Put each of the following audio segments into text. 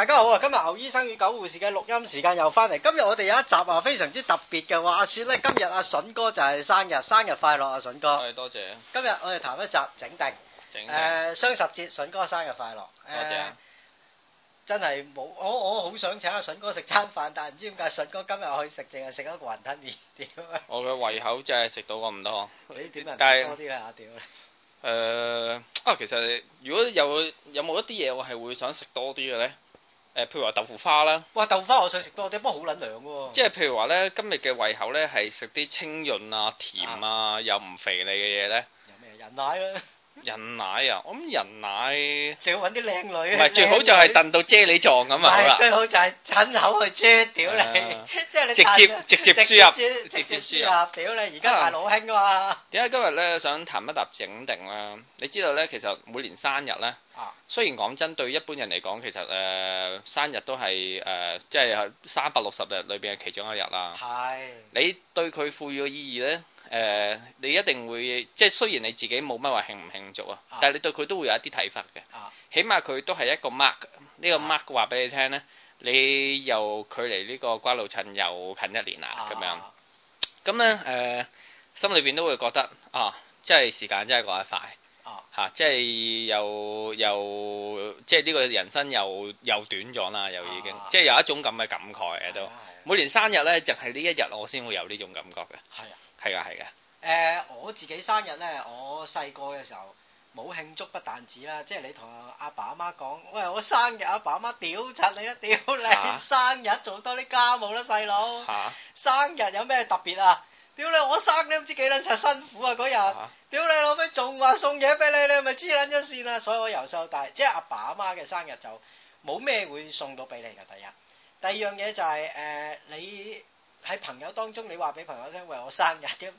大家好啊！今日牛醫生與狗護士嘅錄音時間又翻嚟。今日我哋有一集啊，非常之特別嘅。話說咧，今日阿筍哥就係生日，生日快樂啊，筍哥！係，多謝。今日我哋談一集整定。整定。誒，雙十節，筍哥生日快樂！多謝。真係冇，我我好想請阿筍哥食餐飯，但係唔知點解筍哥今日去食，淨係食一個雲吞麵，屌！我嘅胃口真係食到咁多。你點啊？食多啲啦，屌！誒，啊，其實如果有有冇一啲嘢我係會想食多啲嘅呢？誒、呃，譬如話豆腐花啦，哇！豆腐花我想食多啲，不過好撚涼喎。即係譬如話咧，今日嘅胃口咧係食啲清潤啊、甜啊、啊又唔肥膩嘅嘢咧。有咩人奶咧？人奶啊！我人奶，仲要搵啲靚女，唔係最好就係燉到啫喱狀咁啊！唔係最好就係親口去啜屌你，即係你直接直接輸入直接輸入屌你，而家係老興噶嘛？點解今日呢？想談一談整定咧？你知道呢，其實每年生日呢，雖然講真，對一般人嚟講，其實誒生日都係誒即係三百六十日裏邊嘅其中一日啦。係。你對佢賦予嘅意義呢？誒、uh, 嗯，你一定會即係雖然你自己冇乜話慶唔慶祝啊，但係你對佢都會有一啲睇法嘅。Uh, 起碼佢都係一個 mark，呢、uh, 個 mark 話俾你聽呢，你又距離呢個瓜老襯又近一年啦，咁樣咁呢，誒、嗯，uh, 心裏邊都會覺得啊，即係時間真係過得快嚇、uh, 啊，即係又又即係呢個人生又又短咗啦，又已經、uh、即係有一種咁嘅感慨嘅都 ton. 對耶每年生日呢，就係、是、呢一日我先會有呢種感覺嘅。係啊，係啊。誒、呃、我自己生日咧，我細個嘅時候冇慶祝不但止啦，即係你同阿爸阿媽講，喂我生日，阿爸阿媽屌柒你啦，屌你、啊、生日做多啲家務啦，細佬，啊、生日有咩特別啊？屌你我生日都唔知幾卵柒辛苦啊，嗰日，屌、啊、你老味仲話送嘢俾你，你咪黐卵咗線啦！所以我由細到大，即係阿爸阿媽嘅生日就冇咩會送到俾你噶。第一，第二樣嘢就係、是、誒、呃、你。喺朋友當中，你話俾朋友聽，喂，我生日點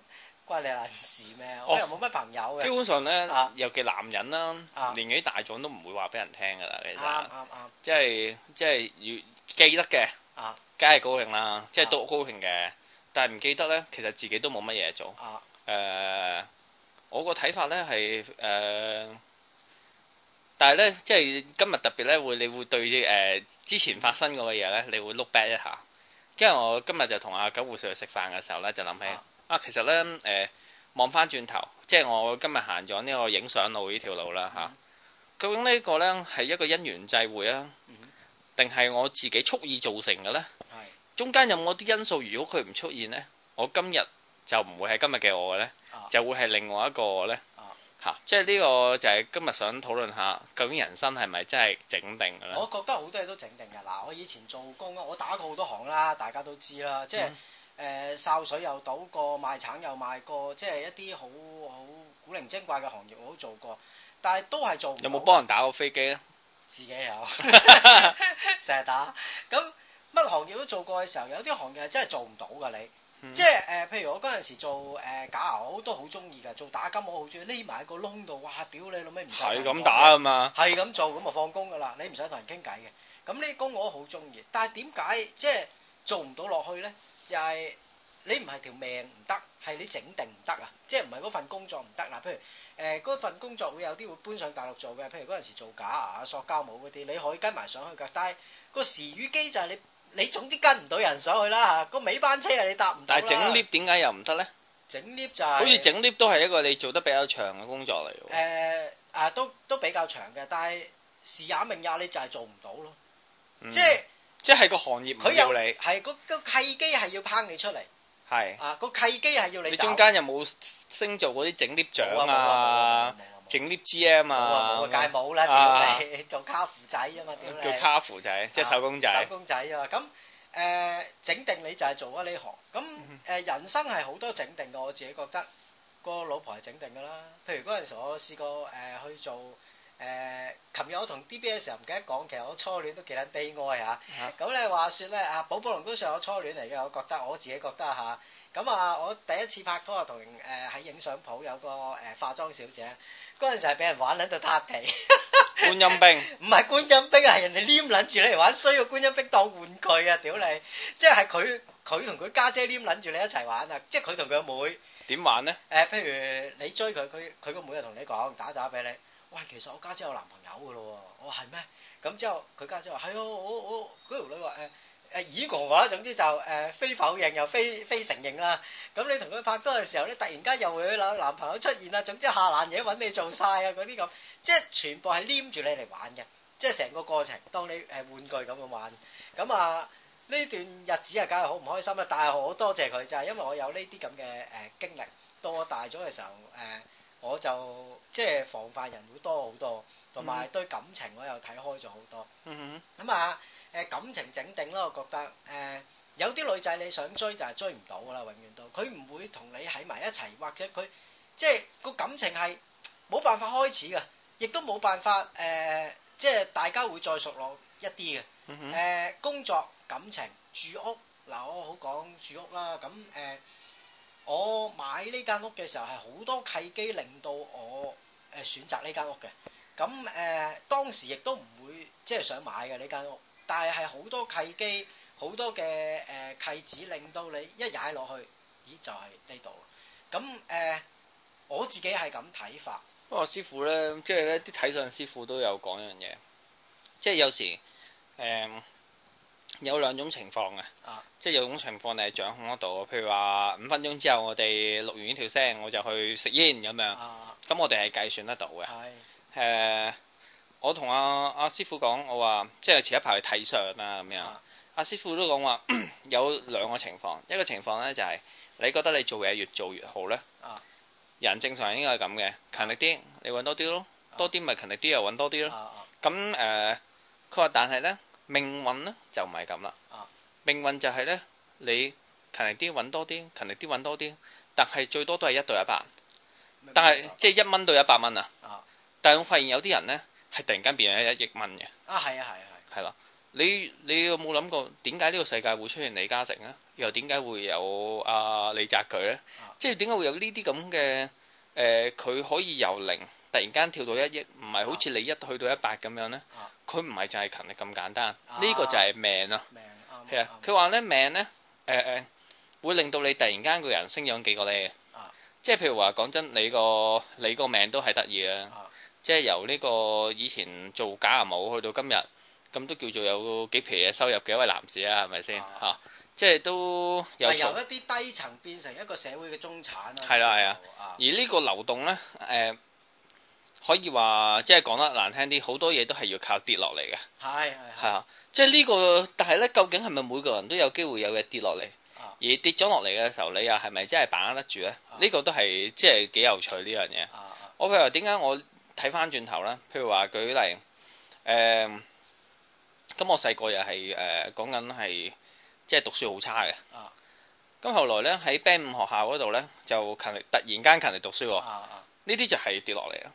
關你嘅事咩？我又冇乜朋友嘅、哦。基本上咧，尤其男人啦，啊、年紀大咗都唔會話俾人聽噶啦，其實。啱啱啱。即係即係要記得嘅，啊，梗係高興啦，啊、即係都高興嘅。但係唔記得咧，其實自己都冇乜嘢做。啊。呃、我個睇法咧係誒，但係咧，即係今日特別咧，會你會對誒、呃、之前發生過嘅嘢咧，你會 look back 一下。因為我今日就同阿九護士去食飯嘅時候咧，就諗起啊，啊，其實咧誒、呃，望翻轉頭，即係我今日行咗呢個影相路呢條路啦嚇、嗯啊。究竟呢個咧係一個因緣際會啊，定係、嗯、哼 我自己蓄意造成嘅咧？是 中間有冇啲因素？如果佢唔出現呢，我今日就唔會係今日嘅我嘅咧，啊、就會係另外一個我咧。吓，即係呢個就係今日想討論下究竟人生係咪真係整定嘅咧？我覺得好多嘢都整定㗎。嗱，我以前做工，我打過好多行啦，大家都知啦。即係誒、潲、嗯呃、水又倒過，賣橙又賣過，即係一啲好好古靈精怪嘅行業我都做過，但係都係做唔到。有冇幫人打過飛機呀？自己有，成日 打。咁乜行業都做過嘅時候，有啲行業係真係做唔到噶你。嗯、即係誒、呃，譬如我嗰陣時做誒、呃、假牙，我都好中意噶。做打金我好中意，匿埋喺個窿度，哇！屌你老味唔使，係咁打噶嘛，係咁做，咁就放工噶啦。你唔使同人傾偈嘅。咁呢啲工我都好中意，但係點解即係做唔到落去咧？就係、是、你唔係條命唔得，係你整定唔得啊！即係唔係嗰份工作唔得嗱。譬如誒嗰份工作會有啲會搬上大陸做嘅，譬如嗰陣時做假牙塑膠帽嗰啲，你可以跟埋上去噶。但係個時與機就係你。你總之跟唔到人上去啦吓，個尾班車你搭唔到。但係整 lift 點解又唔得咧？整 lift 就係、好似整 lift 都係一個你做得比較長嘅工作嚟。誒、呃，誒、啊，都都比較長嘅，但係時也命也，你就係做唔到咯。嗯、即係即係個行業唔要你，係個個契機係要拚你出嚟。係啊，個契機係要你。你中間有冇升做嗰啲整 lift 獎啊？嗯嗯嗯整 lift GM 啊嘛，界冇啦，屌你，做卡芙仔啊嘛，點解叫卡芙仔？即係手工仔。手工仔啊嘛，咁誒整定你就係做啊呢行，咁誒人生係好多整定噶，我自己覺得個老婆係整定噶啦，譬如嗰陣時我試過誒去做。誒，琴日我同 D B 嘅時候唔記得講，其實我初戀都幾捻悲哀吓。咁咧話說咧啊，寶寶龍都算我初戀嚟嘅，我覺得我自己覺得吓。咁啊，我第一次拍拖啊，同誒喺影相鋪有個誒化妝小姐，嗰陣時係俾人玩喺度撻地。觀音兵？唔係觀音兵，係人哋黏捻住你嚟玩衰個觀音兵當玩具啊！屌你，即係佢佢同佢家姐黏捻住你一齊玩啊！即係佢同佢個妹。點玩咧？誒，譬如你追佢，佢佢個妹又同你講打打俾你。喂，其實我家姐，姐有男朋友噶咯，哦，我話係咩？咁之後佢家姐話係啊，我我嗰條女話誒誒咦哥話、呃，總之就誒、是呃、非否認又非非承認啦。咁、嗯、你同佢拍拖嘅時候咧，突然間又會有男朋友出現啊，總之下爛嘢揾你做晒啊嗰啲咁，即係全部係黏住你嚟玩嘅，即係成個過程當你誒玩具咁樣玩。咁、嗯、啊呢段日子啊，梗係好唔開心啦，但係好多謝佢就係因為我有呢啲咁嘅誒經歷，到我大咗嘅時候誒。呃我就即係防範人會多好多，同埋對感情我又睇開咗好多。咁啊，誒感情整定咯，我覺得誒有啲女仔你想追就係追唔到㗎喇，永遠都佢唔會同你喺埋一齊，或者佢即係個感情係冇辦法開始嘅，亦都冇辦法誒，即係大家會再熟絡一啲嘅。誒工作感情住屋，嗱我好講住屋啦，咁誒。我買呢間屋嘅時候係好多契機令到我誒選擇呢間屋嘅，咁誒、呃、當時亦都唔會即係想買嘅呢間屋，但係係好多契機，好多嘅誒、呃、契機令到你一踩落去，咦就係呢度，咁誒、呃、我自己係咁睇法。不過、哦、師傅咧，即係咧啲睇相師傅都有講一樣嘢，即係有時誒。嗯有兩種情況嘅，啊、即係有種情況你係掌控得到，譬如話五分鐘之後我哋錄完呢條聲，我就去食煙咁樣。咁我哋係計算得到嘅。係，誒，我同阿阿師傅講，我話即係前一排去睇相啊咁樣。阿、嗯啊啊、師傅都講話 有兩個情況，一個情況呢，就係、是、你覺得你做嘢越做越好呢，啊、人正常人應該係咁嘅，勤力啲，你揾多啲咯，多啲咪勤力啲又揾多啲咯。咁誒，佢話、呃、但係呢。命運咧就唔係咁啦，啊、命運就係咧你勤力啲揾多啲，勤力啲揾多啲，但係最多都係一到一百，但係即係一蚊到一百蚊啊！啊但係我發現有啲人咧係突然間變咗一億蚊嘅啊！係啊係啊係，係、啊、啦，你你有冇諗過點解呢個世界會出現李嘉誠咧？又點解會有啊李澤鉅咧？即係點解會有呢啲咁嘅誒？佢可以由零？突然間跳到一億，唔係好似你一去到一百咁樣呢？佢唔係就係勤力咁簡單，呢個就係命啊！係啊，佢話呢，命呢，誒誒，會令到你突然間個人升咗幾個 level。即係譬如話講真，你個你個命都係得意啊，即係由呢個以前做假唔好，去到今日咁都叫做有幾皮嘢收入嘅一位男士啊，係咪先嚇？即係都有由一啲低層變成一個社會嘅中產啊，係啦，係啊。而呢個流動呢。誒。可以話，即係講得難聽啲，好多嘢都係要靠跌落嚟嘅。係係係啊！即係呢、這個，但係呢，究竟係咪每個人都有機會有嘢跌落嚟？啊、而跌咗落嚟嘅時候，你又係咪真係把握得住呢？呢、啊、個都係即係幾有趣呢樣嘢。啊啊、我譬如話，點解我睇翻轉頭呢？譬如話舉例，誒、呃，咁我細個又係誒講緊係即係讀書好差嘅。咁、啊啊、後來呢，喺 Band 五學校嗰度呢，就勤力就勤力突然間勤力讀書。呢啲就係跌落嚟啦。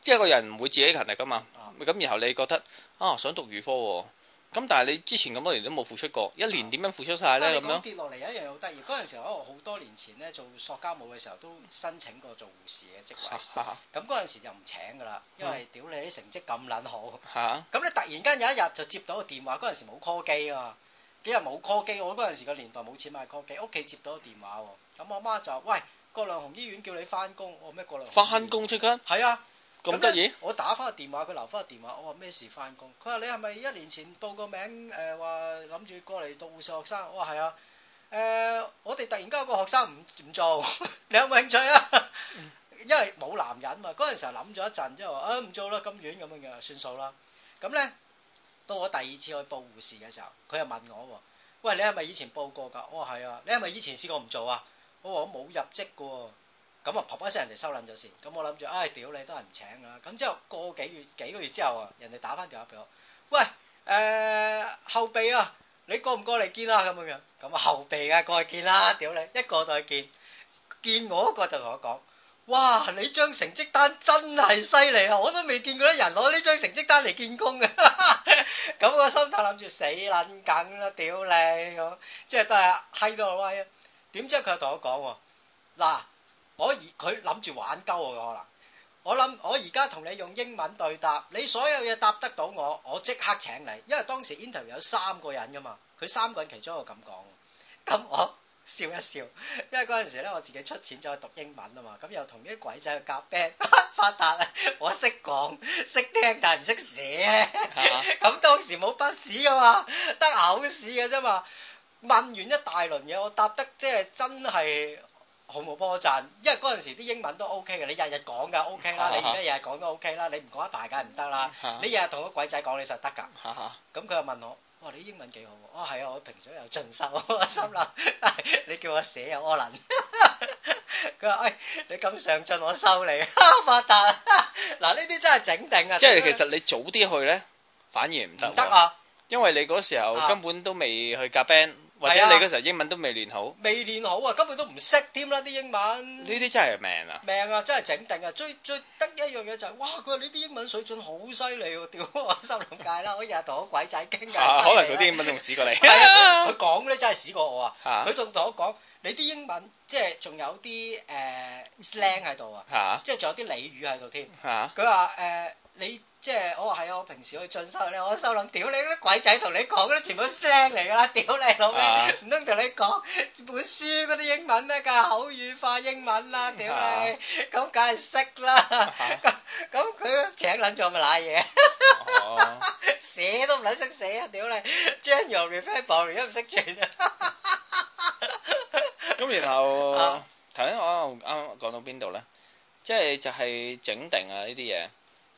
即係個人唔會自己勤力噶嘛，咁、啊、然後你覺得啊想讀預科，哦，咁但係你之前咁多年都冇付出過，一年點樣付出晒咧咁樣？跌落嚟有一樣好得意，嗰陣時候我好多年前咧做塑膠舞嘅時候都申請過做護士嘅職位，咁嗰陣時又唔請㗎啦，因為屌你啲成績咁撚好，咁、啊、你突然間有一日就接到個電話，嗰陣時冇 call 機啊，幾日冇 call 機，我嗰陣時個年代冇錢買 call 機，屋企接到個電話，咁我媽就喂，葛量洪醫院叫你翻工，我咩，葛量洪翻工即刻，係啊！咁得意？我打翻個電話，佢留翻個電話。我話咩事翻工？佢話你係咪一年前報個名？誒、呃，話諗住過嚟讀護士學生。我話係啊。誒、呃，我哋突然間有個學生唔唔做， 你有冇興趣啊？ 因為冇男人嘛，嗰陣時候諗咗一陣，之後話誒唔做啦，咁遠咁樣嘅算數啦。咁咧，到我第二次去報護士嘅時候，佢又問我：喂，你係咪以前報過噶？我話係啊。你係咪以前試過唔做啊？我話我冇入職噶。咁啊，啪啪一聲，人哋收撚咗先。咁我諗住，唉，屌你都係唔請㗎啦。咁之後過幾月，幾個月之後啊，人哋打翻電話俾我，喂，誒後備啊，你過唔過嚟見啊？咁樣樣，咁後備啊，過去見啦。屌你，一個過去見，見我嗰個就同我講，哇，你張成績單真係犀利啊！我都未見過啲人攞呢張成績單嚟見工啊。咁我心諗住死撚緊啦，屌你，咁即係都係閪到威啊。點知佢又同我講，嗱。我而佢諗住玩鳩我嘅可能，我諗我而家同你用英文對答，你所有嘢答得到我，我即刻請你。因為當時 Interview 有三個人噶嘛，佢三個人其中一個咁講，咁我笑一笑。因為嗰陣時咧，我自己出錢走去讀英文啊嘛，咁又同啲鬼仔去夾 band 發達呀，我識講識聽但唔識寫，咁 當時冇筆屎嘅嘛，得咬屎嘅啫嘛。問完一大輪嘢，我答得即係真係。好冇波贊，因為嗰陣時啲英文都 OK 嘅，你日日講噶 OK 啦，你而家日日講都 OK 啦，你唔講一排梗係唔得啦，你日日同嗰鬼仔講你就得㗎，咁佢又問我，我話你英文幾好喎，啊係啊，我平時又盡修心啦，你叫我寫又柯林，佢話哎你咁上進，我收你發達，嗱呢啲真係整定啊，即係其實你早啲去咧，反而唔得，唔得啊，因為你嗰時候根本都未去夾 band。係啊！你嗰時候英文都未練好，未練好啊，根本都唔識添啦啲英文。呢啲真係命啊！命啊，真係整定啊！最最得意一樣嘢就係，哇！佢話你啲英文水準好犀利，屌我三六界啦！我日日同嗰鬼仔傾偈。啊！可能佢啲英文仲屎過你。係啊！佢講咧真係屎過我啊！佢仲同我講，你啲英文即係仲有啲誒 slang 喺度啊！嚇！即係仲有啲俚語喺度添。嚇！佢話誒你。即係我話係啊！我平時去進修咧，我心諗屌你啲鬼仔同你講嗰啲全部 slang 嚟㗎啦！屌你老味，唔通同你講本書嗰啲英文咩？梗係口語化英文啦！屌你，咁梗係識啦！咁咁佢請撚錯咪賴嘢，寫都唔係識寫啊！屌你，generalreferral 都唔識轉啊！咁然後頭先我啱啱講到邊度咧？即係就係整定啊呢啲嘢。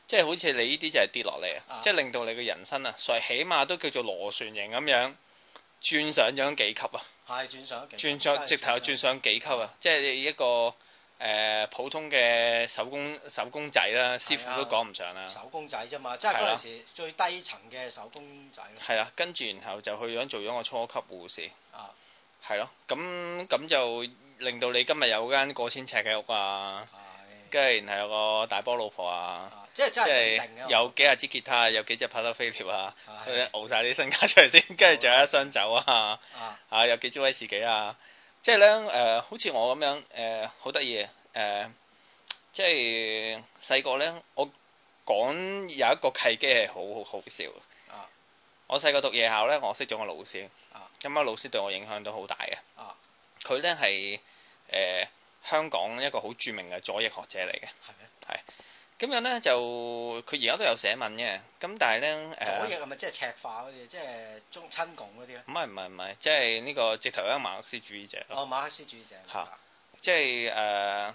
即係好似你呢啲就係跌落嚟，啊、即係令到你嘅人生啊，最起碼都叫做螺旋形咁樣轉上咗幾級啊！係轉上幾轉上，轉上直頭又轉上幾級啊！即係一個誒、呃、普通嘅手工手工仔啦，師傅都講唔上啦。啊、手工仔啫嘛，即係嗰陣時最低層嘅手工仔。係啊，跟住然後就去咗做咗個初級護士。啊，係咯、啊，咁咁就令到你今日有間過千尺嘅屋啊！係的，跟住然後有個大波老婆啊！啊即係是有幾廿支吉他、嗯、有幾隻 Patek Philippe 啊，去熬晒啲身家出嚟先，跟住仲有一箱酒啊，啊有幾支威士忌啊，即係呢，誒、呃，好似我咁樣誒、呃，好得意誒，即係細個呢，我講有一個契機係好好,好笑啊，我細個讀夜校呢，我識咗個老師，咁啊老師對我影響都好大嘅，佢、啊、呢係誒、呃、香港一個好著名嘅左翼學者嚟嘅，係的。的咁樣咧就佢而家都有寫文嘅，咁但係咧誒左翼係咪即係赤化嗰啲，即係中親共嗰啲咧？咁咪唔係唔係，即係呢個直頭係一個馬克思主義者哦，馬克思主義者。嚇、哦！即係誒，咁、呃、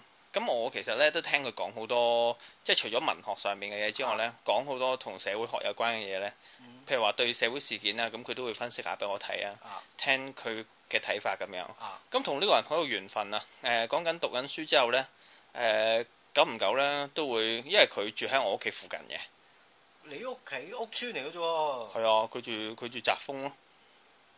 我其實咧都聽佢講好多，即係除咗文學上面嘅嘢之外咧，啊、講好多同社會學有關嘅嘢咧。譬如話對社會事件啊，咁、嗯、佢、嗯、都會分析下俾我睇啊，聽佢嘅睇法咁樣。啊。咁同呢個人好有緣分啊！誒、呃，講緊讀緊書之後咧，誒、呃。說說久唔久咧，都會因為佢住喺我屋企附近嘅。你屋企屋村嚟嘅啫。係啊，佢、啊、住佢住澤豐咯，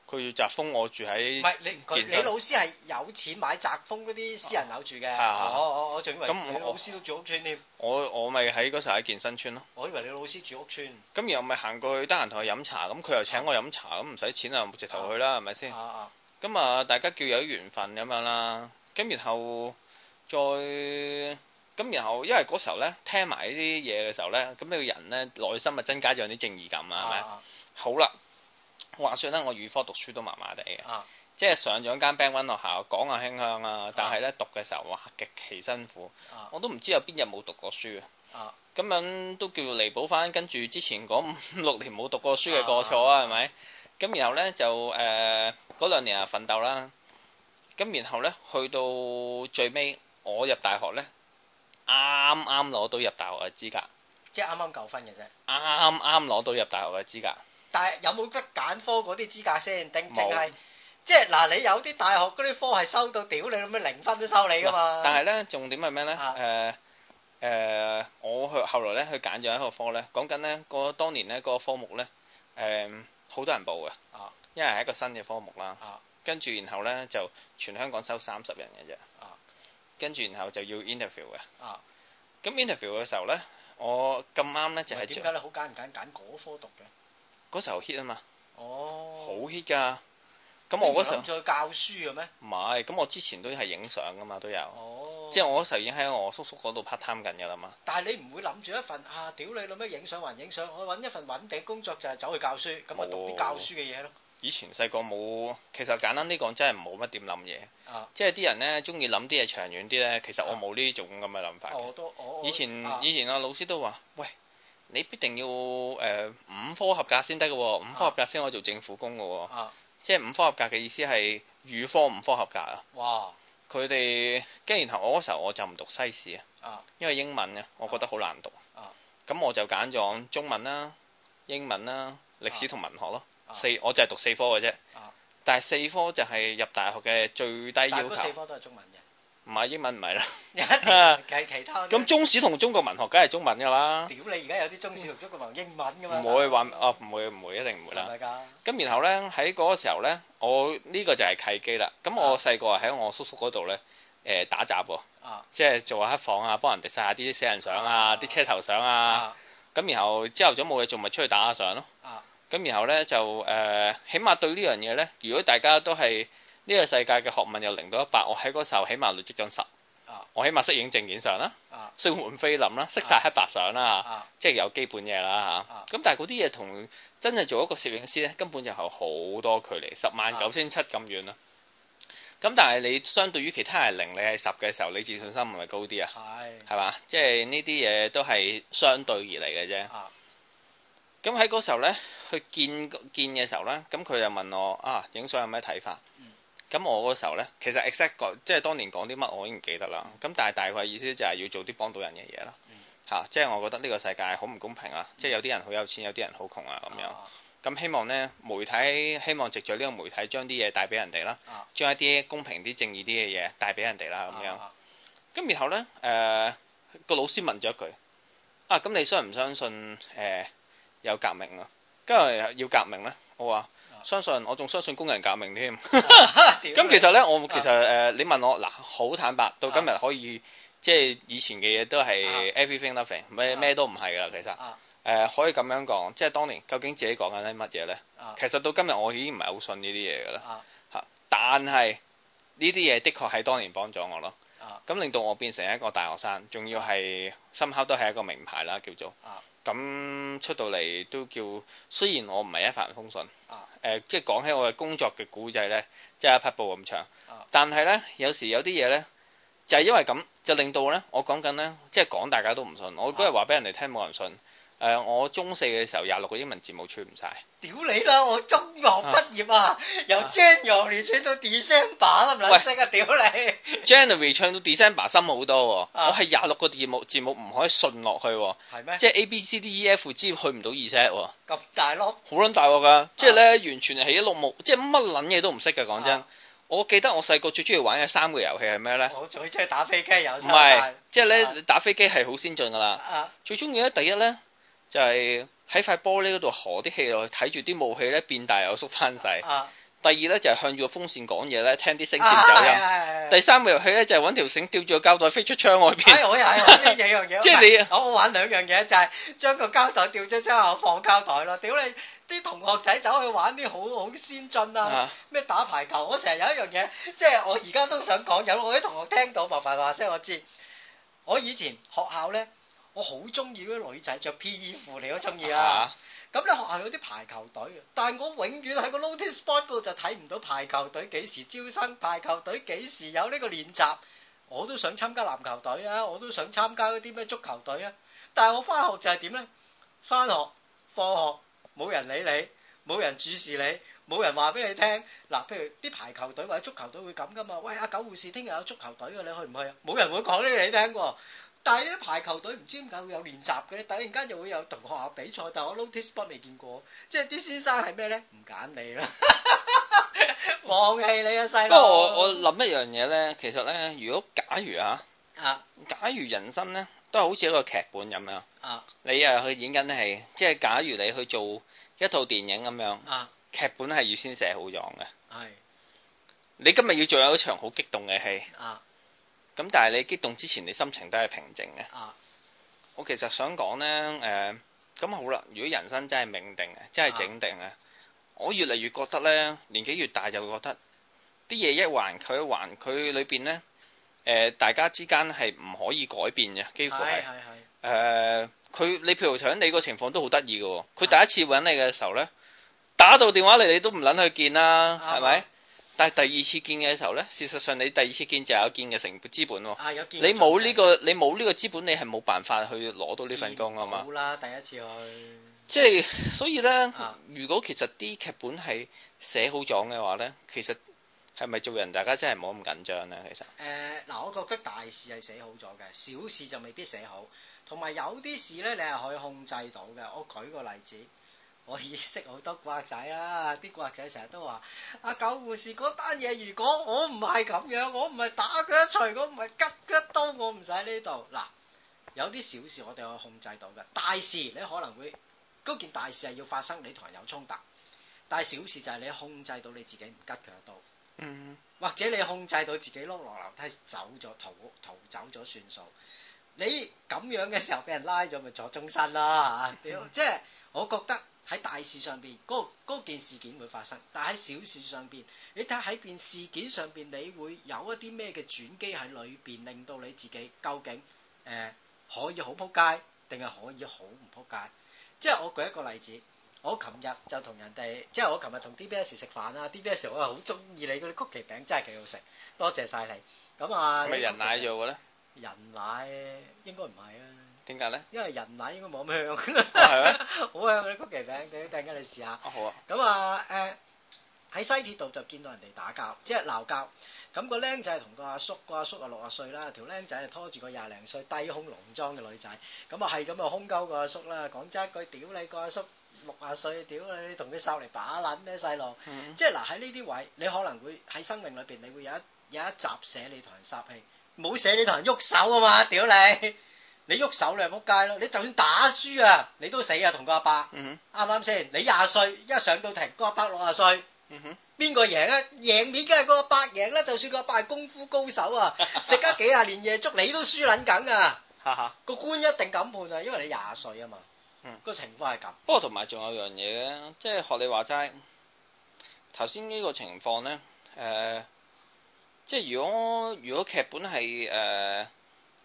佢住澤豐，我住喺。唔係你佢你老師係有錢買澤豐嗰啲私人樓住嘅。係我仲以為你老師都、哦、住屋村添、啊。我我咪喺嗰時喺健身村咯、啊。我以為你老師住屋村。咁然後咪行過去，得閒同佢飲茶，咁佢又請我飲茶，咁唔使錢啊，咪直頭去啦，係咪先？咁啊，啊，啊，大家叫有啲緣分咁樣啦。咁然後再。咁然後，因為嗰時候咧，聽埋呢啲嘢嘅時候咧，咁呢個人咧內心啊增加咗啲正義感啊，係咪好啦？話說咧，我語科讀書都麻麻地嘅，啊、即係上咗間 band one 學校，講下輕香啦、啊，啊、但係咧讀嘅時候哇，極其辛苦，啊、我都唔知有邊日冇讀過書嘅、啊。咁、啊、樣都叫彌補翻，跟住之前嗰五六年冇讀過書嘅過錯啊，係咪、啊？咁、嗯、然後咧就誒嗰兩年啊奮鬥啦，咁然後咧去到最尾，我入大學咧。啱啱攞到入大學嘅資格，即係啱啱夠分嘅啫。啱啱攞到入大學嘅資格，但係有冇得揀科嗰啲資格先？定有即係即係嗱，你有啲大學嗰啲科系收到屌你咁樣零分都收你噶嘛？但係咧，重點係咩咧？誒誒、啊呃呃，我去後來咧去揀咗一個科咧，講緊咧嗰當年咧嗰、這個科目咧，誒、呃、好多人報嘅，啊、因為係一個新嘅科目啦。跟住、啊、然後咧就全香港收三十人嘅啫。跟住然後就要 interview 嘅。啊，咁 interview 嘅時候咧，我咁啱咧就係。喂，點解你好揀唔揀揀嗰科讀嘅？嗰時候 hit 啊嘛。哦。好 hit 噶！咁我嗰時候。唔再教書嘅咩？唔係，咁我之前都係影相㗎嘛，都有。哦。即係我嗰時候已經喺我叔叔嗰度 part time 緊㗎啦嘛。但係你唔會諗住一份啊，屌你老味影相還影相，我揾一份穩定工作就係走去教書，咁我有讀啲教書嘅嘢咯。以前細個冇，其實簡單啲講，真係冇乜點諗嘢。啊、即係啲人呢，中意諗啲嘢長遠啲呢，其實我冇呢種咁嘅諗法，啊、以前、啊、以前阿老師都話，喂，你必定要誒五科合格先得嘅喎，五科合格先可以做政府工嘅喎。啊啊、即係五科合格嘅意思係語科五科合格啊！哇！佢哋跟住然後，我嗰時候我就唔讀西史啊，因為英文啊，我覺得好難讀啊。咁、啊、我就揀咗中文啦、英文啦、歷史同文學咯。四，我就係讀四科嘅啫，但係四科就係入大學嘅最低要求。四科都係中文嘅，唔係英文唔係啦。咁中史同中國文學梗係中文㗎啦。屌你而家有啲中史同中國文學英文㗎嘛？唔會話哦，唔會唔會一定唔會啦。咁然後呢，喺嗰個時候呢，我呢個就係契機啦。咁我細個喺我叔叔嗰度呢，誒打雜喎，即係做下黑房啊，幫人哋晒下啲死人相啊，啲車頭相啊。咁然後朝頭早冇嘢做，咪出去打下相咯。咁然後咧就誒，起碼對呢樣嘢咧，如果大家都係呢個世界嘅學問又零到一百，我喺嗰時候起碼累積咗十啊，我起碼攝影證件上啦，啊，需換菲林啦，識晒黑白相啦即係有基本嘢啦嚇，咁但係嗰啲嘢同真係做一個攝影師咧，根本就係好多距離，十萬九千七咁遠啦。咁但係你相對於其他人零，你係十嘅時候，你自信心係咪高啲啊？係，係嘛？即係呢啲嘢都係相對而嚟嘅啫。咁喺嗰時候呢，去見見嘅時候呢，咁佢就問我啊，影相有咩睇法？咁我嗰時候呢，其實 exact 即係當年講啲乜，我已經唔記得啦。咁但係大概意思就係要做啲幫到人嘅嘢啦，嚇，即係我覺得呢個世界好唔公平啦，即係有啲人好有錢，有啲人好窮啊，咁樣咁希望呢媒體希望藉著呢個媒體將啲嘢帶俾人哋啦，將一啲公平啲、正義啲嘅嘢帶俾人哋啦，咁樣咁。然後呢誒個老師問咗一句啊，咁你相唔相信誒？有革命啊！跟住要革命咧，我話相信，我仲相信工人革命添。咁 其實咧，我其實誒，呃啊、你問我嗱，好坦白，到今日可以、啊、即係以前嘅嘢都係 everything nothing，咩咩、啊、都唔係噶啦，其實誒、啊呃、可以咁樣講，即係當年究竟自己講緊啲乜嘢咧？啊、其實到今日我已經唔係好信呢啲嘢噶啦。吓、啊，但係呢啲嘢的確係當年幫咗我咯。咁令到我變成一個大學生，仲要係深刻都係一個名牌啦，叫做。咁出到嚟都叫，雖然我唔係一帆風順，誒、啊呃，即係講起我嘅工作嘅古仔咧，即係一匹布咁長，啊、但係咧有時有啲嘢咧就係、是、因為咁，就令到咧我講緊咧即係講大家都唔信，我都係話俾人哋聽冇人信。誒，我中四嘅時候廿六個英文字母串唔晒。屌你啦！我中學畢業啊，由 January 串到 December 唔識啊！屌你 January 唱到 December 深好多，我係廿六個字母字母唔可以順落去。係咩？即係 A B C D E F，之後去唔到 Z。咁大囉？好撚大鑊噶！即係咧，完全係一碌木，即係乜撚嘢都唔識噶。講真，我記得我細個最中意玩嘅三個遊戲係咩咧？我最中意打飛機遊戲。唔係，即係咧打飛機係好先進噶啦。最中意咧，第一咧。就係喺塊玻璃嗰度何啲氣落，去，睇住啲霧氣咧變大又縮翻細。啊啊、第二咧就係、是、向住個風扇講嘢咧，聽啲聲漸走音。第三個遊戲咧就係、是、揾條繩吊住個膠袋飛出窗外邊。我又係玩呢幾樣嘢。即係你，我我玩兩樣嘢，就係、是、將個膠袋吊咗之後放膠袋咯。屌你啲同學仔走去玩啲好好先進啊！咩、啊、打排球？我成日有一樣嘢，即係我而家都想講有我啲同學聽到麻煩話聲我知。我以前學校咧。我好中意嗰啲女仔着 P.E. 褲，你都中意啊？咁你學校有啲排球隊嘅，但係我永遠喺個 notice board 嗰度就睇唔到排球隊幾時招生，排球隊幾時有呢個練習，我都想參加籃球隊啊，我都想參加嗰啲咩足球隊啊，但係我翻學就係點咧？翻學放學冇人理你，冇人注視你，冇人話俾你聽。嗱，譬如啲排球隊或者足球隊會咁噶嘛？喂，阿、啊、九護士，聽日有足球隊嘅、啊，你去唔去啊？冇人會講呢啲俾你聽喎。但係咧排球隊唔知點解會有練習嘅，突然間就會有同學校比賽，但我 notice 我未見過，即係啲先生係咩咧？唔揀你啦， 放棄你啊，細路。不過我我諗一樣嘢咧，其實咧，如果假如吓，啊，啊假如人生咧都係好似一個劇本咁樣啊、呃，啊，你誒去演緊戲，即係假如你去做一套電影咁樣，啊，劇本係要先寫好樣嘅，係，你今日要做有一場好激動嘅戲，啊。咁但係你激動之前，你心情都係平靜嘅。啊、我其實想講呢，誒、呃，咁好啦，如果人生真係命定嘅，真係整定嘅，啊、我越嚟越覺得呢，年紀越大就覺得啲嘢一環扣一環，佢裏邊呢、呃，大家之間係唔可以改變嘅，幾乎係。係係係。誒，佢你譬如想你個情況都好得意嘅，佢第一次揾你嘅時候呢，是打到電話嚟，你都唔捻去見啦，係咪吧？但係第二次見嘅時候咧，事實上你第二次見就有見嘅成資本喎、啊啊。有見。你冇呢個你冇呢個資本，你係冇辦法去攞到呢份工啊嘛。啦，第一次去。即係所以咧，啊、如果其實啲劇本係寫好咗嘅話咧，其實係咪做人大家真係唔好咁緊張咧？其實。誒嗱，我覺得大事係寫好咗嘅，小事就未必寫好。同埋有啲事咧，你係可以控制到嘅。我舉個例子。我識好多古惑仔啦！啲古惑仔成日都話：阿狗護士嗰單嘢，如果我唔係咁樣，我唔係打佢一錘，我唔係吉佢一刀，我唔使呢度。嗱，有啲小事我哋可以控制到嘅，大事你可能會嗰件大事係要發生，你同人有衝突，但係小事就係你控制到你自己唔吉佢一刀。嗯。或者你控制到自己碌落樓梯走咗，逃逃走咗算數。你咁樣嘅時候俾人拉咗，咪坐終身啦！屌，即係我覺得。喺大事上邊，嗰嗰件事件會發生；但喺小事上邊，你睇喺件事件上邊，你會有一啲咩嘅轉機喺裏邊，令到你自己究竟誒、呃、可以好仆街，定係可以好唔仆街？即係我舉一個例子，我琴日就同人哋，即係我琴日同 D B S 食飯啦，D B S 我係好中意你嗰啲曲奇餅，真係幾好食，多謝晒你。咁啊，係咪人奶做嘅咧？人奶應該唔係啊。點解咧？因為人奶應該冇咁香。係啊，好香嗰啲曲奇餅，等陣間你試下。哦，好啊。咁啊，誒喺西鐵度就見到人哋打交，即係鬧交。咁個僆仔同個阿叔，個阿叔啊六啊歲啦，條僆仔係拖住個廿零歲低胸濃妝嘅女仔。咁啊係咁啊，空鳩個阿叔啦，講真一句，屌你個阿叔六啊歲，屌你同佢殺嚟把撚咩細路。即係嗱，喺呢啲位，你可能會喺《生命數》入邊，你會有一有一集寫你同人殺氣，冇寫你同人喐手啊嘛，屌你！你喐手你係扑街咯，你就算打輸啊，你都死啊同個阿伯，啱唔啱先？你廿歲，一上到庭，個阿伯六啊歲，邊個贏啊？贏面梗係個阿伯贏啦，贏就算個阿伯係功夫高手啊， 食咗幾廿年夜粥，你都輸捻緊啊！ 個官一定咁判啊，因為你廿歲啊嘛，嗯、個情況係咁。嗯、不過同埋仲有樣嘢咧，即係學你話齋，頭先呢個情況咧，誒，即係如果如果劇本係誒。呃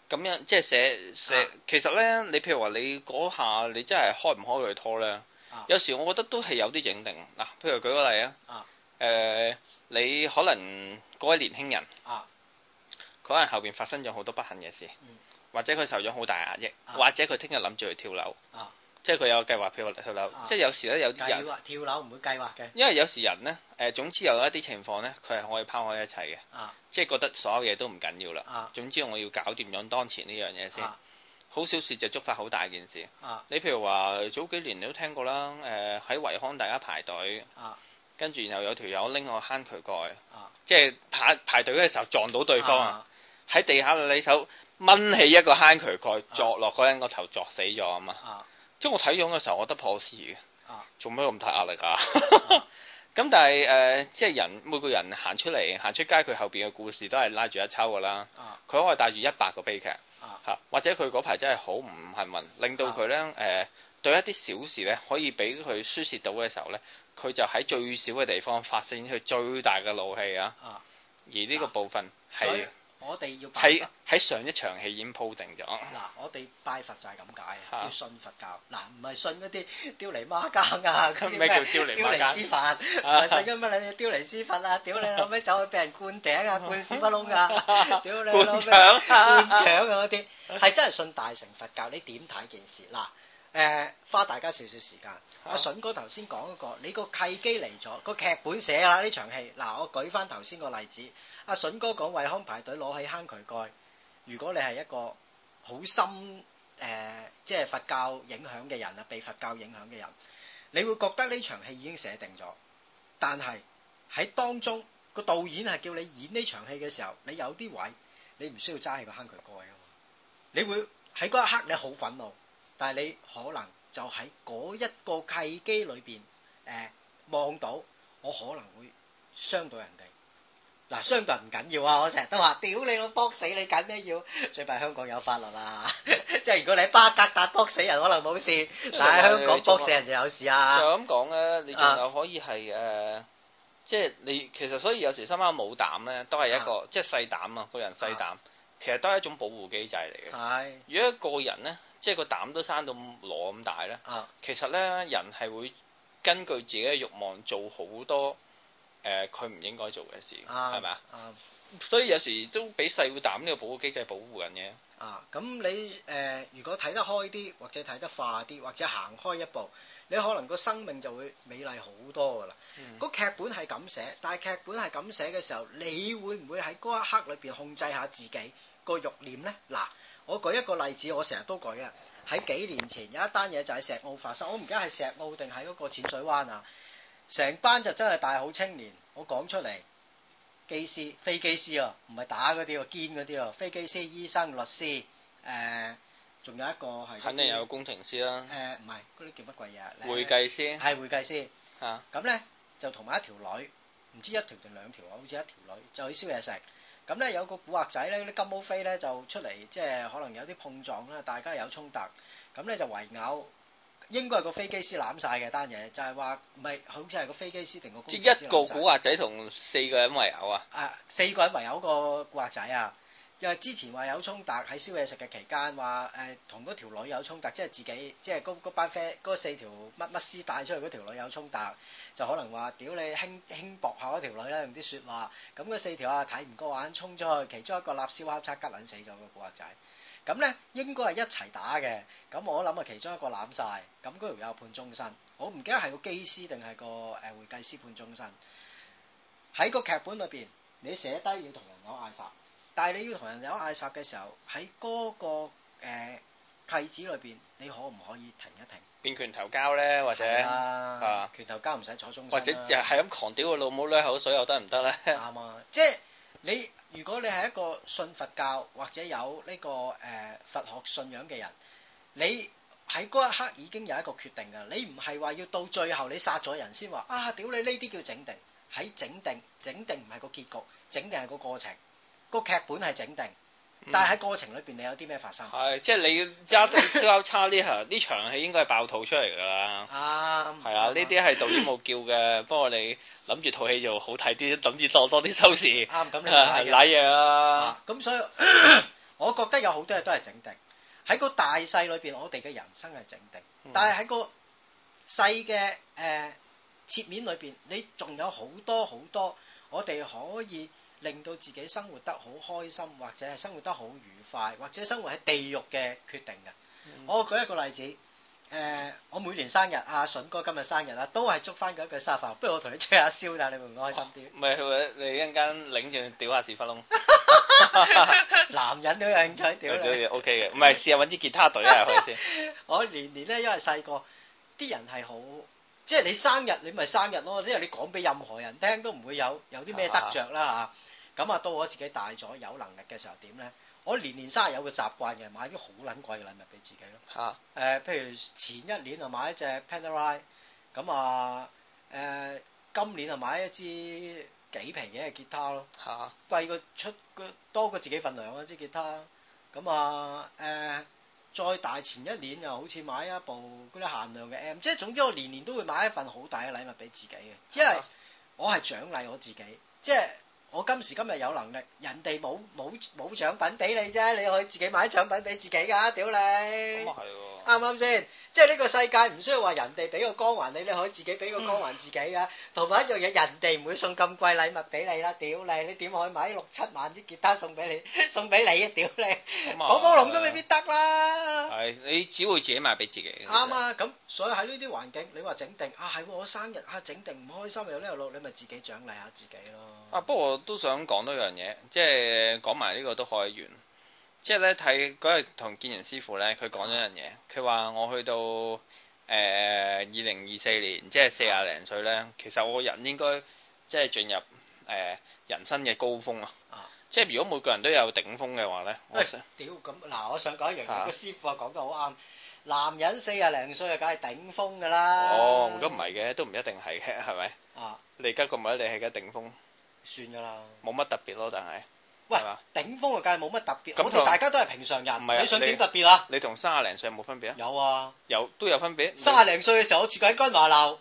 咁樣即係寫寫，其實呢，你譬如話你嗰下，你真係開唔開佢拖呢？啊、有時我覺得都係有啲整定。嗱、啊，譬如舉個例啊，誒、呃，你可能嗰位年輕人，啊、可能後邊發生咗好多不幸嘅事，嗯、或者佢受咗好大壓抑，啊、或者佢聽日諗住去跳樓。啊啊即係佢有計劃，譬如跳樓。即係有時咧，有啲人跳樓唔會計劃嘅。因為有時人呢，誒，總之有一啲情況呢，佢係可以拋開一切嘅，即係覺得所有嘢都唔緊要啦。總之我要搞掂咗當前呢樣嘢先。好小事就觸發好大件事。你譬如話早幾年你都聽過啦，誒喺維康大家排隊，跟住然後有條友拎個坑渠蓋，即係排排隊嘅時候撞到對方喺地下，你手掹起一個坑渠蓋，砸落嗰人個頭，砸死咗啊嘛。因為我睇樣嘅時候，我覺得破事嘅，做咩咁大壓力啊？咁 但係誒、呃，即係人每個人行出嚟行出街，佢後邊嘅故事都係拉住一抽㗎啦。佢、啊、可以帶住一百個悲劇嚇，啊、或者佢嗰排真係好唔幸運，令到佢咧誒對一啲小事咧可以俾佢輸蝕到嘅時候咧，佢就喺最少嘅地方發洩佢最大嘅怒氣啊！而呢個部分係。啊我哋要喺喺上一場戲已經鋪定咗。嗱，我哋拜佛就係咁解，啊、要信佛教。嗱，唔係信嗰啲丟泥媽家啊，嗰啲咩丟泥丟泥施法，唔係、啊、信嗰啲乜嘢丟泥施法啊？屌你，後屘、啊、走去俾人灌頂啊，灌屎不窿噶、啊，屌你，灌腸灌腸嗰啲，係真係信大乘佛教。你點睇件事？嗱。誒花大家少少時間，阿、啊、筍哥頭先講嗰你個契機嚟咗，個劇本寫啦呢場戲。嗱、啊，我舉翻頭先個例子，阿、啊、筍哥講衛康排隊攞起坑渠蓋。如果你係一個好深誒，即、呃、係、就是、佛教影響嘅人啊，被佛教影響嘅人，你會覺得呢場戲已經寫定咗。但係喺當中、那個導演係叫你演呢場戲嘅時候，你有啲位你唔需要揸起個坑渠蓋啊嘛。你會喺嗰一刻你好憤怒。但係你，、哎、你可能就喺嗰一個契機裏邊，誒望到我可能會傷到人哋。嗱，傷到人唔緊要啊！我成日都話：屌你老，卜死你緊咩要？最弊香港有法律啊，即係如果你喺巴格達卜死人，disciple, you know, 嗯、g iv ots itations 可能冇事；但係喺香港卜死人就有事啊！就咁講咧，你仲有可以係誒，即、呃、係、就是、你其實所以有時心諗冇膽咧，都係一個即係細膽啊，個人細膽，其，、啊、其實都係一種保護機制嚟嘅。係如果一個人咧。即係個膽都生到攞咁大咧，啊、其實咧人係會根據自己嘅慾望做好多誒，佢、呃、唔應該做嘅事，係咪啊？吧啊，所以有時都俾細個膽呢個保護機制保護緊嘅。啊，咁你誒、呃、如果睇得開啲，或者睇得化啲，或者行開一步，你可能個生命就會美麗好多噶啦。嗯、個劇本係咁寫，但係劇本係咁寫嘅時候，你會唔會喺嗰一刻裏邊控制下自己個慾念咧？嗱。我舉一個例子，我成日都舉啊！喺幾年前有一單嘢就喺石澳發生，我唔記得係石澳定係嗰個淺水灣啊！成班就真係大好青年，我講出嚟，機師、飛機師啊，唔係打嗰啲啊，堅嗰啲啊，飛機師、醫生、律師，誒，仲有一個係肯定有工程師啦。誒，唔係嗰啲叫乜鬼嘢？會計師係會計師。嚇！咁咧就同埋一條女，唔知一條定兩條啊？好似一條女，就去燒嘢食。咁咧有個古惑仔咧，啲金毛飛咧就出嚟，即係可能有啲碰撞啦，大家有衝突，咁咧就圍毆。應該係個飛機師攬晒嘅單嘢，就係話唔係好似係個飛機師定個古惑仔？即一個古惑仔同四個人圍毆啊！啊，四個人圍毆個古惑仔啊！又係之前話有衝突喺宵夜食嘅期間，話誒同嗰條女有衝突，即係自己即係嗰班 friend 嗰四條乜乜師帶出去嗰條女有衝突，就可能話屌你輕輕薄下嗰條女啦，用啲説話咁，嗰四條啊睇唔過眼衝咗去，其中一個立燒烤叉吉撚死咗個古惑仔，咁咧應該係一齊打嘅，咁我諗啊，其中一個攬晒。咁嗰條友判終身，我唔記得係個機師定係個誒會計師判終身，喺個劇本裏邊你寫低要同我嗌眼殺。但係你要同人有嗌霎嘅時候，喺嗰個誒契子裏邊，你可唔可以停一停，變拳頭交咧，或者係啊，拳頭交唔使坐中心，或者係咁狂屌個老母，甩口水又得唔得咧？啱啊！即係你，如果你係一個信佛教或者有呢個誒佛學信仰嘅人，你喺嗰一刻已經有一個決定噶啦，你唔係話要到最後你殺咗人先話啊！屌你呢啲叫整定，喺整定，整定唔係個結局，整定係個過程。個劇本係整定，但係喺過程裏邊你有啲咩發生？係、嗯，即係你揸得 比較差呢場戲應該係爆肚出嚟㗎啦。啊，係啊，呢啲係導演冇叫嘅， 不過你諗住套戲就好睇啲，諗住多多啲收視。啱、嗯，咁、嗯、你係㗎。係㗎、嗯。咁、啊啊、所以， 我覺得有好多嘢都係整定。喺個大細裏邊，我哋嘅人生係整定，但係喺個細嘅誒切面裏邊，你、呃、仲、呃呃呃呃呃呃呃、有好多好多。我哋可以令到自己生活得好開心，或者係生活得好愉快，或者生活喺地獄嘅決定嘅。我舉一個例子，誒，我每年生日，阿筍哥今日生日啦，都係捉翻一個沙發，不如我同你吹下簫，你會唔會開心啲？唔係，你一陣間擰住屌下屎忽窿。男人都有興趣。屌嘢 OK 嘅，唔係試下揾支吉他隊啊，開始。我年年咧，因為細個啲人係好。即係你生日，你咪生日咯。即係你講俾任何人聽都唔會有有啲咩得着啦嚇。咁啊，到、啊、我自己大咗有能力嘅時候點咧？我年年生日有個習慣嘅，買啲好捻貴嘅禮物俾自己咯。嚇、啊，誒、呃，譬如前一年啊，買一隻 Panerai，咁、嗯、啊，誒、呃，今年啊，買一支幾平嘅吉他咯。嚇、啊！貴過出多過自己份量啊支吉他。咁、嗯、啊，誒、嗯。呃呃再大前一年又好似買一部嗰啲限量嘅 M，即係總之我年年都會買一份好大嘅禮物俾自己嘅，因為我係獎勵我自己，即係我今時今日有能力，人哋冇冇冇獎品俾你啫，你可以自己買啲獎品俾自己㗎，屌你！咁啱啱先？即係呢個世界唔需要話人哋俾個光環你，你可以自己俾個光環自己噶、啊。同埋 一樣嘢，人哋唔會送咁貴禮物俾你啦。屌你，你點可以買六七萬啲吉他送俾你？送俾你啊！屌你，寶寶、啊、麼龍都未必得啦。係，你只會自己買俾自己。啱啊！咁所以喺呢啲環境，你話整定啊，係我生日啊，整定唔開心有呢個路，你咪自己獎勵下自己咯。啊！不過我都想講多一樣嘢，即係講埋呢個都可以完。即係咧睇嗰日同建仁師傅咧，佢講咗樣嘢。佢話我去到誒二零二四年，即係四廿零歲咧，其實我個人應該即係進入誒、呃、人生嘅高峰啊！啊！即係如果每個人都有頂峰嘅話咧，喂、哎，屌咁嗱！我想講一樣，個、啊、師傅啊講得好啱。男人四廿零歲啊，梗係頂峰噶啦。哦，如果唔係嘅，都唔一定係嘅，係咪？啊，你而家個唔一定係梗頂峰算㗎了啦，冇乜特別咯，但係。喂，頂峰啊，梗係冇乜特別，我同大家都係平常人。唔係，你想點特別啊？你同卅零歲有冇分別啊？有啊，有都有分別。卅零歲嘅時候，我住緊君華樓。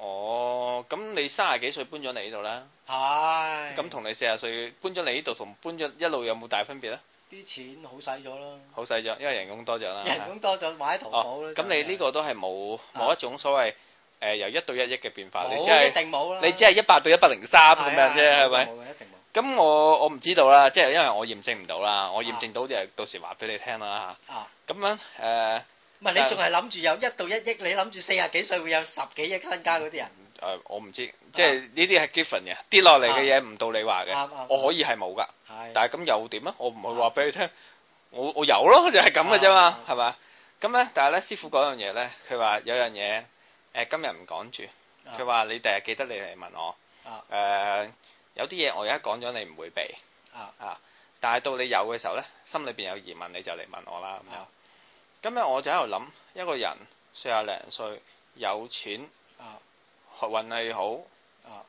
哦，咁你卅幾歲搬咗嚟呢度咧？係。咁同你四十歲搬咗嚟呢度，同搬咗一路有冇大分別啊？啲錢好使咗咯，好使咗，因為人工多咗啦。人工多咗，買淘寶咧。咁你呢個都係冇冇一種所謂誒由一到一億嘅變化，你即係一定冇啦。你只係一百到一百零三咁樣啫，係咪？冇嘅，一定。咁我我唔知道啦，即係因為我驗證唔到啦，我驗證到就係到時話俾你聽啦吓。啊，咁樣誒，唔係你仲係諗住有一到一億？你諗住四十幾歲會有十幾億身家嗰啲人？誒，我唔知，即係呢啲係 given 嘅，跌落嚟嘅嘢唔到你話嘅，我可以係冇噶，但係咁又點啊？我唔會話俾你聽，我我有咯，就係咁嘅啫嘛，係嘛？咁咧，但係咧，師傅講樣嘢咧，佢話有樣嘢，誒，今日唔講住，佢話你第日記得你嚟問我，誒。有啲嘢我而家講咗你唔會避啊啊！但係到你有嘅時候呢，心裏邊有疑問你就嚟問我啦咁樣。咁咧、啊、我就喺度諗一個人四十零歲有錢啊學運，運氣好啊，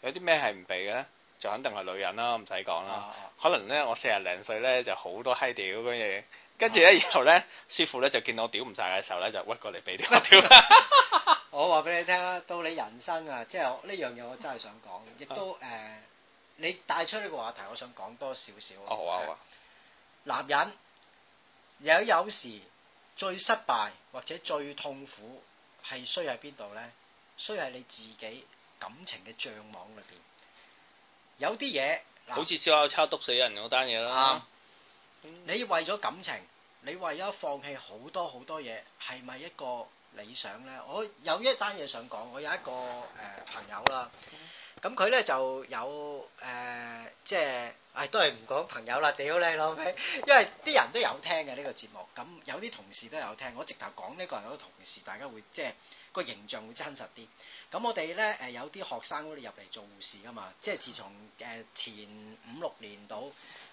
有啲咩係唔避嘅呢？就肯定係女人啦，唔使講啦。啊、可能呢，我四十零歲呢，就好多閪屌嘅嘢，跟住呢，以後呢，師傅呢，就見到我屌唔晒嘅時候呢，就屈過嚟俾屌屌。 話俾你聽啊，到你人生啊，即係呢樣嘢，我真係想講，亦都誒、oh. 呃，你帶出呢個話題，我想講多少少。哦，好啊，好啊。男人有有時最失敗或者最痛苦係衰喺邊度咧？衰喺你自己感情嘅帳網裏邊，有啲嘢，呃、好似燒烤叉篤死人嗰單嘢啦。你為咗感情，你為咗放棄好多好多嘢，係咪一個？理想咧，我有一單嘢想講，我有一個誒、呃、朋友啦，咁佢咧就有誒、呃，即係誒、哎、都係唔講朋友啦，屌你老味，因為啲人都有聽嘅呢、呢個節目，咁有啲同事都有聽，我直頭講呢個人。有個同事，大家會即係個形象會真實啲。咁我哋咧誒有啲學生咧入嚟做護士噶嘛，即係自從誒、呃、前五六年到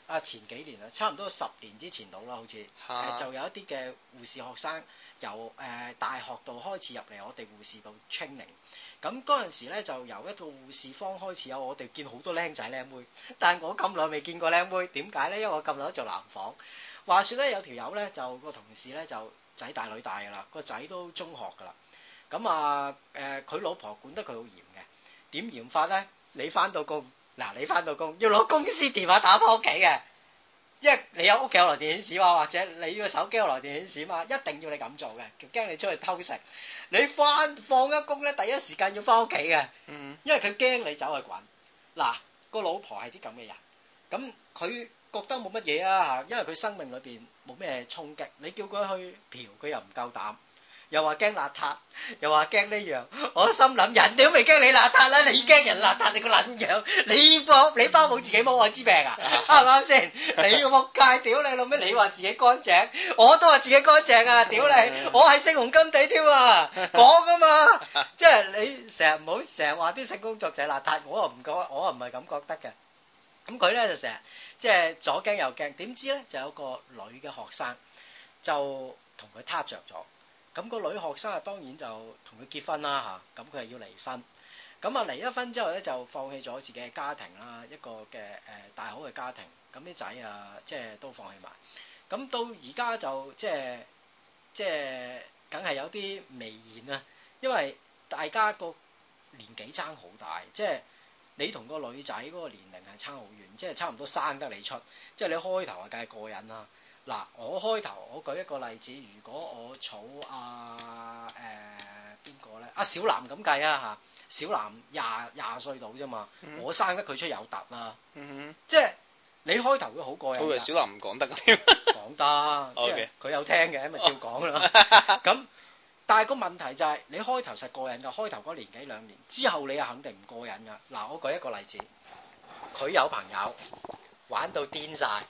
啊前幾年啦，差唔多十年之前到啦，好似誒、啊呃、就有一啲嘅護士學生。由誒大學度開始入嚟，我哋護士度 training，咁嗰陣時咧就由一套護士方開始有，我哋見好多靚仔靚妹，但係我咁耐未見過靚妹，點解咧？因為我咁耐都做男房。話説咧，有條友咧就個同事咧就仔大女大噶啦，個仔都中學噶啦，咁啊誒佢老婆管得佢好嚴嘅，點嚴法咧？你翻到工嗱，你翻到工要攞公司電話打翻屋企嘅。即係你有屋企有來電顯示啊，或者你個手機有來電顯示啊，一定要你咁做嘅，驚你出去偷食。你翻放咗工咧，第一時間要翻屋企嘅，因為佢驚你走去滾。嗱，個老婆係啲咁嘅人，咁佢覺得冇乜嘢啊，因為佢生命裏邊冇咩衝擊。你叫佢去嫖，佢又唔夠膽。又話驚邋遢，又話驚呢樣，我心諗人都未驚你邋遢啦，你驚人邋遢？你個捻樣？你剝你包冇自己剝艾滋病啊？啱唔啱先？你個扑街，屌你老咩？你話自己乾淨，我都話自己乾淨啊！屌你，我係性紅金地添啊，講噶嘛？ 即係你成日唔好成日話啲性工作者邋遢，我又唔覺，我又唔係咁覺得嘅。咁佢咧就成日即係左驚右驚，點知咧就有個女嘅學生就同佢撻着咗。咁個女學生啊，當然就同佢結婚啦嚇。咁佢係要離婚。咁啊離咗婚之後咧，就放棄咗自己嘅家庭啦，一個嘅誒、呃、大好嘅家庭。咁啲仔啊，即係都放棄埋。咁到而家就即係即係，梗係有啲微現啦。因為大家個年紀差好大，即係你同個女仔嗰個年齡係差好遠，即係差唔多生得你出，即係你開頭啊梗係過癮啦。嗱，我開頭我舉一個例子，如果我儲阿誒邊個咧？阿小南咁計啊嚇，小南廿廿歲到啫嘛，我生得佢出有突啊，即係你開頭都好過癮。小南唔講得添，講得即係佢有聽嘅，咁咪照講啦。咁但係個問題就係，你開頭實過癮噶，開頭嗰年幾兩年之後，你係肯定唔過癮噶。嗱，我舉一個例子，佢有朋友玩到癲晒。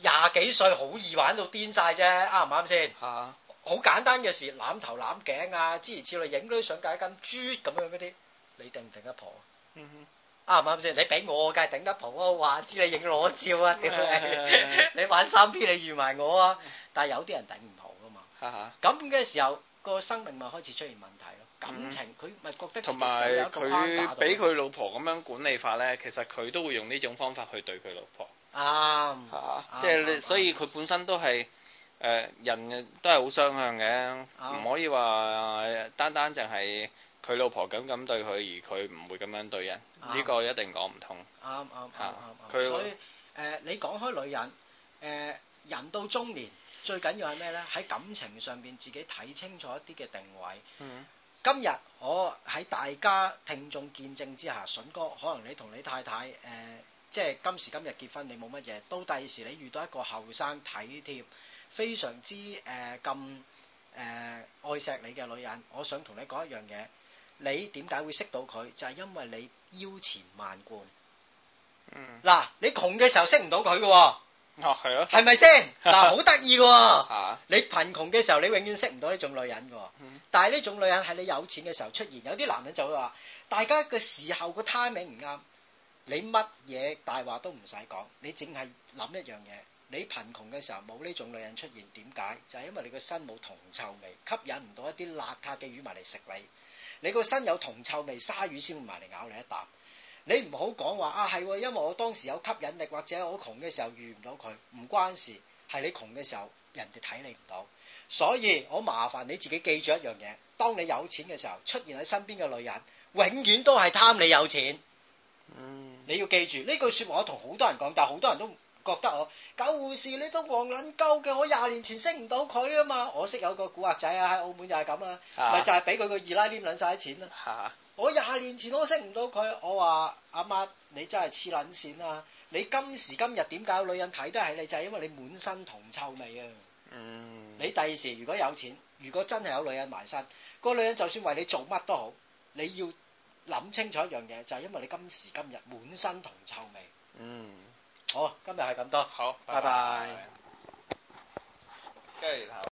廿幾歲好易玩到癲晒啫，啱唔啱先？吓、啊，好簡單嘅事，攬頭攬頸啊，諸如此類影嗰啲相，夾一斤豬咁樣嗰啲，你頂唔頂得婆？嗯哼，啱唔啱先？你俾我梗係頂得婆啊，話知你影裸照啊，你！你玩三 P，你預埋我啊！但係有啲人頂唔到啊嘛，吓吓、嗯哼。咁嘅時候，個生命咪開始出現問題咯。感情，佢咪、嗯、覺得有。同埋佢俾佢老婆咁樣管理法咧，其實佢都會用呢種方法去對佢老婆。啱，啊啊、即係你，啊、所以佢本身都係誒、呃、人，都係好相向嘅，唔、啊、可以話、呃、單單淨係佢老婆咁咁對佢，而佢唔會咁樣對人，呢、啊、個一定講唔通。啱啱，嚇，佢所以誒、呃，你講開女人，誒、呃、人到中年最緊要係咩咧？喺感情上邊自己睇清楚一啲嘅定位。嗯。今日我喺大家聽眾見證之下，筍哥可能你同你太太誒。呃即係今時今日結婚你冇乜嘢，到第時你遇到一個後生體貼、非常之誒咁誒愛錫你嘅女人，我想同你講一樣嘢，你點解會識到佢？就係因為你腰纏萬貫。嗯。嗱，你窮嘅時候識唔到佢嘅。哦，係咯。係咪先？嗱，好得意嘅。吓。 你貧窮嘅時候，你永遠識唔到呢種女人嘅。嗯。但係呢種女人喺你有錢嘅時候出現，有啲男人就會話：大家嘅時候個 timing 唔啱。你乜嘢大話都唔使講，你淨係諗一樣嘢。你貧窮嘅時候冇呢種女人出現，點解？就係因為你個身冇銅臭味，吸引唔到一啲邋遢嘅魚埋嚟食你。你個身有銅臭味，鯊魚先會埋嚟咬你一啖。你唔好講話啊係，因為我當時有吸引力，或者我窮嘅時候遇唔到佢，唔關事。係你窮嘅時候，人哋睇你唔到，所以我麻煩你自己記住一樣嘢：當你有錢嘅時候，出現喺身邊嘅女人，永遠都係貪你有錢。嗯，你要記住呢句說話，我同好多人講，但係好多人都覺得我搞護士你都黃卵鳩嘅，我廿年前識唔到佢啊嘛，我識有個古惑仔喺澳門又係咁啊，咪、啊、就係俾佢個二奶黏卵晒啲錢啦、啊，啊、我廿年前我識唔到佢，我話阿媽你真係黐卵線啦，你今時今日點解有女人睇得起你，就係、是、因為你滿身銅臭味啊，嗯、你第二時如果有錢，如果真係有女人埋身，個女人就算為你做乜都好，你要。諗清楚一樣嘢，就係、是、因為你今時今日滿身銅臭味。嗯。好，今日係咁多。好，拜拜。繼續拜。